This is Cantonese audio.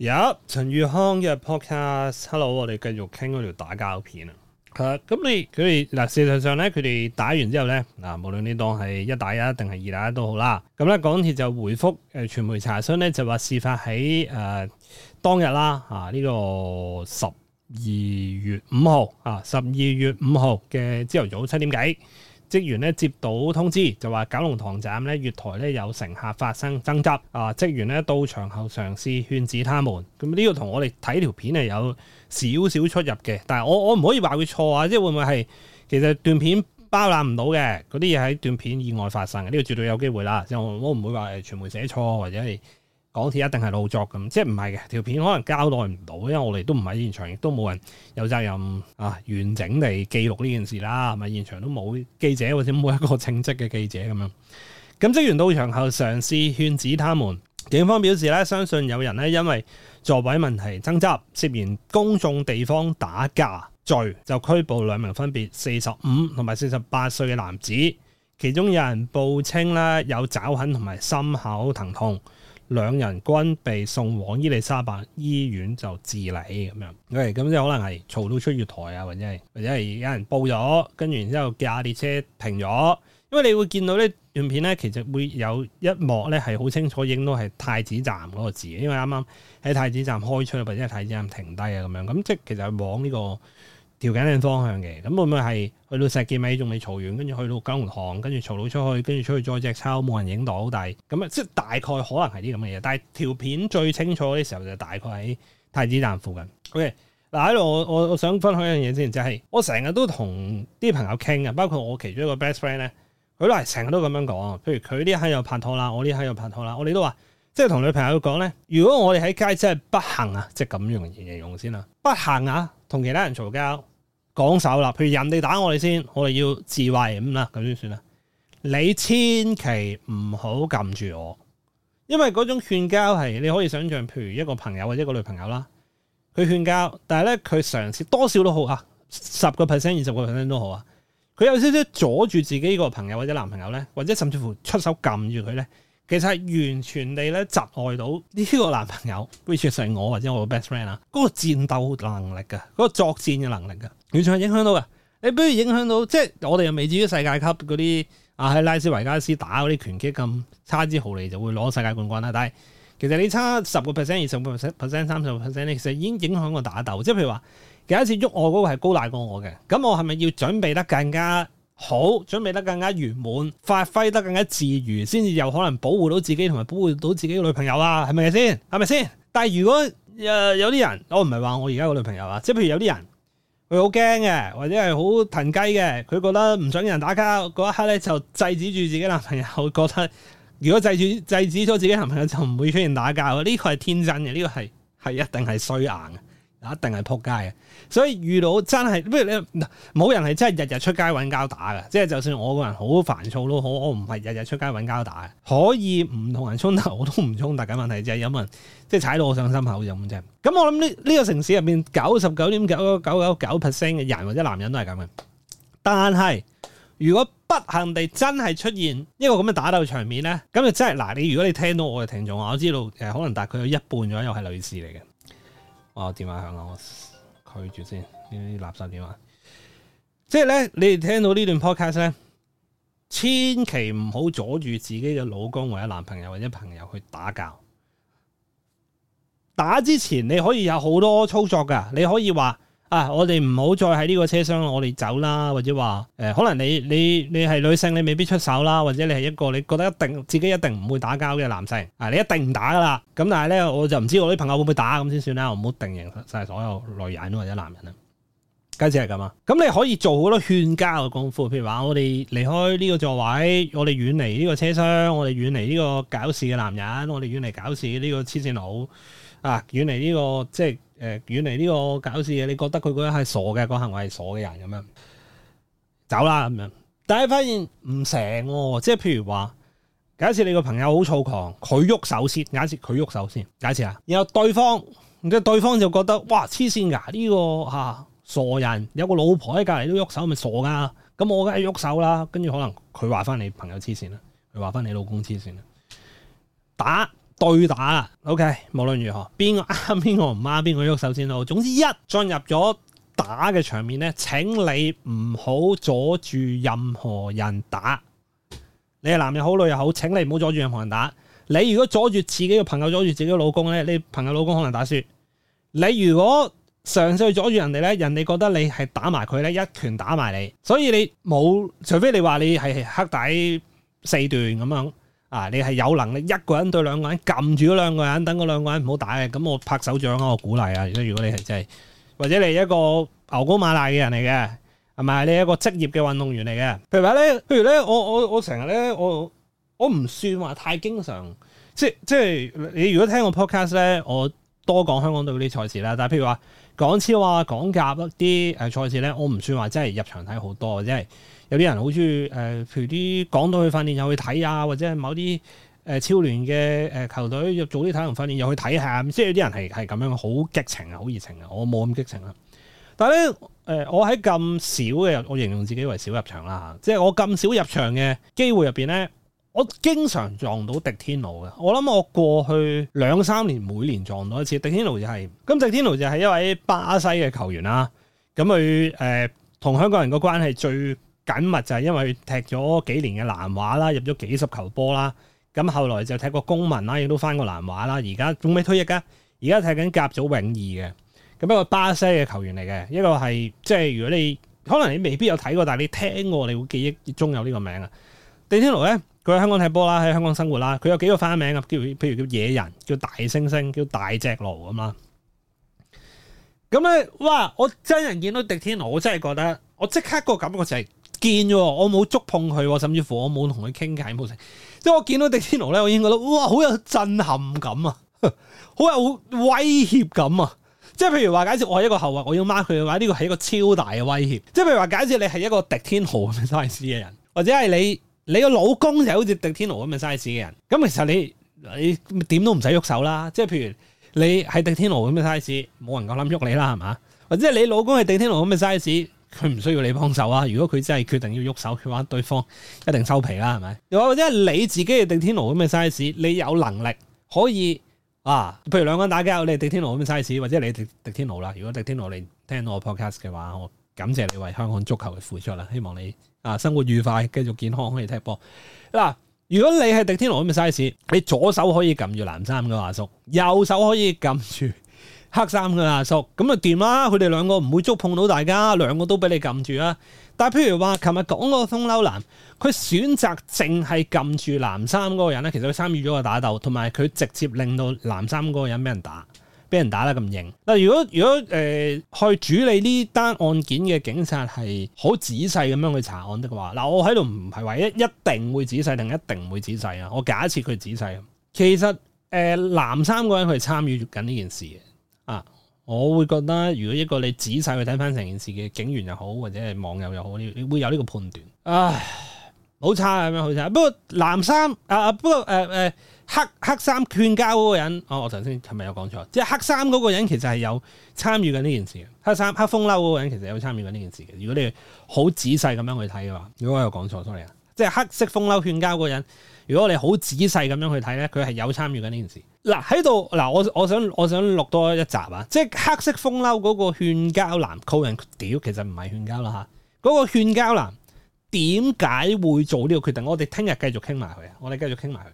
有、yeah, 陳宇康嘅 podcast，Hello，我哋繼續傾嗰條打交片啊。係咁、uh, 你佢哋嗱，事實上咧，佢哋打完之後咧，嗱，無論呢當係一打一定係二打一都好啦。咁咧，港鐵就回覆誒傳媒查詢咧，就話事發喺誒、呃、當日啦，啊呢、這個十二月五號啊，十二月五號嘅朝頭早七點幾。職員咧，接到通知就話九龍塘站咧月台咧有乘客發生爭執，啊、呃、職員咧到場後嘗試勸止他們。咁、這、呢個同我哋睇條片係有少少出入嘅，但係我我唔可以話佢錯啊，即係會唔會係其實段片包攬唔到嘅嗰啲嘢喺段片以外發生嘅？呢、這個絕對有機會啦，就我唔會話誒傳媒寫錯或者係。港鐵一定係老作咁，即係唔係嘅條片可能交代唔到，因為我哋都唔喺現場，亦都冇人有責任啊完整地記錄呢件事啦，唔係現場都冇記者或者冇一個稱職嘅記者咁樣。咁職員到場後嘗試勸止他們，警方表示呢相信有人呢因為座位問題爭執，涉嫌公眾地方打架罪，就拘捕兩名分別四十五同埋四十八歲嘅男子，其中有人報稱呢有爪痕同埋心口疼痛。兩人均被送往伊利沙伯醫院就治理咁樣，係咁即係可能係嘈到出月台啊，或者係或者係有人報咗，跟住然之後架列車停咗，因為你會見到呢段片咧，其實會有一幕咧係好清楚影到係太子站嗰個字，因為啱啱喺太子站開出或者係太子站停低啊咁樣，咁即係其實係往呢、這個。調緊呢樣方向嘅，咁會唔會係去到石硤尾仲未嘈完，跟住去到九龍塘，跟住嘈到出去，跟住出去再隻抄，冇人影到？但係咁啊，即係大概可能係啲咁嘅嘢。但係條片最清楚嗰啲時候就是、大概喺太子站附近。O K，嗱喺度，我我我想分享一樣嘢先，就係、是、我成日都同啲朋友傾嘅，包括我其中一個 best friend 咧，佢都係成日都咁樣講。譬如佢呢一刻又拍拖啦，我呢一刻又拍拖啦，我哋都話即係同女朋友講咧，如果我哋喺街真係不幸啊，即係咁樣形容先啦，不幸啊，同其他人嘈交。講手啦，譬如人哋打我哋先，我哋要自衛咁啦，咁先算啦。你千祈唔好撳住我，因為嗰種勸交係你可以想象，譬如一個朋友或者一個女朋友啦，佢勸交，但係咧佢嘗試多少都好啊，十個 percent、二十個 percent 都好啊，佢有少少阻住自己個朋友或者男朋友咧，或者甚至乎出手撳住佢咧。其實係完全地咧窒礙到呢個男朋友，which 係我或者我 best friend 啦，嗰個戰鬥能力嘅，嗰、嗰個作戰嘅能力嘅，完全係影響到嘅。你不如影響到，即係我哋又未至於世界級嗰啲啊喺拉斯維加斯打嗰啲拳擊咁，差之毫厘就會攞世界冠軍啦。但係其實你差十個 percent、二十個 percent、三十個 percent，其實已經影響個打鬥。即係譬如話，有一次喐我嗰個係高大過我嘅，咁我係咪要準備得更加？好，準備得更加圓滿，發揮得更加自如，先至有可能保護到自己同埋保護到自己嘅女朋友啊。係咪先？係咪先？但係如果誒、呃、有啲人，我唔係話我而家個女朋友啊，即係譬如有啲人佢好驚嘅，或者係好騰雞嘅，佢覺得唔想人打交嗰一刻咧就制止住自己男朋友，覺得如果制止制止咗自己男朋友就唔會出現打架，呢、這個係天真嘅，呢、這個係係一定係衰硬嘅。一定係撲街嘅，所以遇到真係，不如你冇人係真係日日出街揾交打嘅，即係就算我個人好煩躁都好，我唔係日日出街揾交打，可以唔同人衝突我都唔衝突，緊問題就係有冇人即係踩到我上心口咁啫。咁我諗呢呢個城市入面九十九點九九九九 percent 嘅人或者男人都係咁嘅，但係如果不幸地真係出現一個咁嘅打鬥場面咧，咁就真係嗱、呃，你如果你聽到我嘅聽眾，我知道誒、呃、可能大概有一半左右係女士嚟嘅。哦，電話響啦，我拒絕先，呢啲垃圾電話啊。即係咧，你哋聽到段呢段 podcast 咧，千祈唔好阻住自己嘅老公或者男朋友或者朋友去打交。打之前你可以有好多操作噶，你可以話。啊！我哋唔好再喺呢個車廂，我哋走啦，或者話誒、呃，可能你你你係女性，你未必出手啦，或者你係一個你覺得一定自己一定唔會打交嘅男性，啊，你一定唔打噶啦。咁但係呢，我就唔知我啲朋友會唔會打咁先算啦。我唔好定型晒所有女人或者男人啊。咁即係噶嘛？咁你可以做好多勸交嘅功夫，譬如話我哋離開呢個座位，我哋遠離呢個車廂，我哋遠離呢個搞事嘅男人，我哋遠離搞事呢個黐線佬啊，遠離呢個即係。誒，遠離呢個搞笑嘢，你覺得佢嗰個係傻嘅，嗰個行為係傻嘅人咁樣，走啦咁樣。但係發現唔成哦、啊，即係譬如話，假設你個朋友好躁狂，佢喐手先，假設佢喐手先，假設啊，然後對方即係對方就覺得哇，黐線噶呢個吓、啊、傻人，有個老婆喺隔籬都喐手，咪傻噶，咁我梗係喐手啦。跟住可能佢話翻你朋友黐線啦，佢話翻你老公黐線啦，打。對打，OK，無論如何，邊個啱邊個唔啱，邊個喐手先好。總之一進入咗打嘅場面呢，請你唔好阻住任何人打。你係男又好，女又好，請你唔好阻住任何人打。你如果阻住自己嘅朋友，阻住自己嘅老公呢，你朋友老公可能打輸。你如果嘗試去阻住人哋呢，人哋覺得你係打埋佢呢，一拳打埋你。所以你冇，除非你話你係黑帶四段咁樣。啊！你係有能力一個人對兩個人撳住嗰兩個人，等嗰兩個人唔好打嘅，咁我拍手掌啊，我鼓勵啊！如果如果你係真係，或者你係一個牛高馬大嘅人嚟嘅，係咪？你係一個職業嘅運動員嚟嘅？譬如話咧，譬如咧，我我我成日咧，我我唔算話太經常，即即係你如果聽我 podcast 咧，我多講香港隊嗰啲賽事啦。但係譬如話港超啊港甲一啲誒賽事咧，我唔算話真係入場睇好多，即係。有啲人好中意誒，譬如啲港隊去訓練又去睇啊，或者係某啲誒、呃、超聯嘅誒球隊又做啲體能訓練又去睇下，咁、嗯、即係有啲人係係咁樣，好激情啊，好熱情啊，我冇咁激情啦。但係咧誒，我喺咁少嘅，我形容自己為少入場啦，即係我咁少入場嘅機會入邊咧，我經常撞到迪天奴嘅。我諗我過去兩三年每年撞到一次迪天奴，就係咁。迪天奴就係、是、一位巴西嘅球員啦。咁佢誒同香港人個關係最緊密就係因為踢咗幾年嘅南華啦，入咗幾十球波啦，咁後來就踢過公民啦，亦都翻過南華啦，而家仲未退役啊！而家踢緊甲組永義嘅，咁一個巴西嘅球員嚟嘅，一個係即係如果你可能你未必有睇過，但係你聽過，你會記憶中有呢個名啊！迪天奴咧，佢喺香港踢波啦，喺香港生活啦，佢有幾個花名啊？叫譬如叫野人，叫大猩猩，叫大隻奴咁啦。咁咧，哇！我真人見到迪天奴，我真係覺得我即刻個感覺就係。見喎，我冇觸碰佢，甚至乎我冇同佢傾偈冇成。即係我見到迪天奴咧，我已經覺得哇，好有震撼感啊，好有威脅感啊！即係譬如話，假設我係一個後裔，我要掹佢嘅話，呢個係一個超大嘅威脅。即係譬如話，假設你係一個迪天奴咁嘅 size 嘅人，或者係你你個老公就好似迪天奴咁嘅 size 嘅人，咁其實你你點都唔使喐手啦。即係譬如你係迪天奴咁嘅 size，冇人夠諗喐你啦，係嘛？或者係你老公係迪天奴咁嘅 size。佢唔需要你幫手啊！如果佢真係決定要喐手嘅話，對方一定收皮啦，係咪？又或者係你自己係迪天奴咁嘅 size，你有能力可以啊？譬如兩個人打交，你係迪天奴咁嘅 size，或者你迪迪天奴啦。如果迪天奴嚟聽到我 podcast 嘅話，我感謝你為香港足球嘅付出啦。希望你啊生活愉快，繼續健康可以踢波。嗱、啊，如果你係迪天奴咁嘅 size，你左手可以撳住藍衫嘅阿叔，右手可以撳住，黑衫嘅阿叔，咁啊掂啦！佢哋兩個唔會觸碰到大家，兩個都俾你撳住啊！但係譬如話，琴日講嗰個風褸男，佢選擇淨係撳住藍衫嗰個人咧，其實佢參與咗個打鬥，同埋佢直接令到藍衫嗰個人俾人打，俾人打得咁型。嗱，如果如果誒去處理呢單案件嘅警察係好仔細咁樣去查案的話，嗱，我喺度唔係話一一定會仔細，定一定唔會仔細啊！我假設佢仔細，其實誒藍衫嗰人佢係參與緊呢件事啊！我會覺得，如果一個你仔細去睇翻成件事嘅警員又好，或者係網友又好，你你會有呢個判斷。唉，好差咁樣，好差。不過藍衫啊，不過誒誒、呃，黑黑衫勸交嗰個人，哦，我頭先係咪有講錯？即係黑衫嗰個人其實係有參與緊呢件事嘅。黑衫黑風褸嗰個人其實有參與緊呢件事嘅。如果你好仔細咁樣去睇嘅話，如果我有講錯，sorry 啊。即係黑色風褸勸交嗰個人，如果我哋好仔細咁樣去睇咧，佢係有參與緊呢件事。嗱喺度嗱，我我想我想錄多一集啊！即係黑色風褸嗰個勸交男 call 人屌，其實唔係勸交啦嚇。嗰個勸交男點解會做呢個決定？我哋聽日繼續傾埋佢啊！我哋繼續傾埋佢。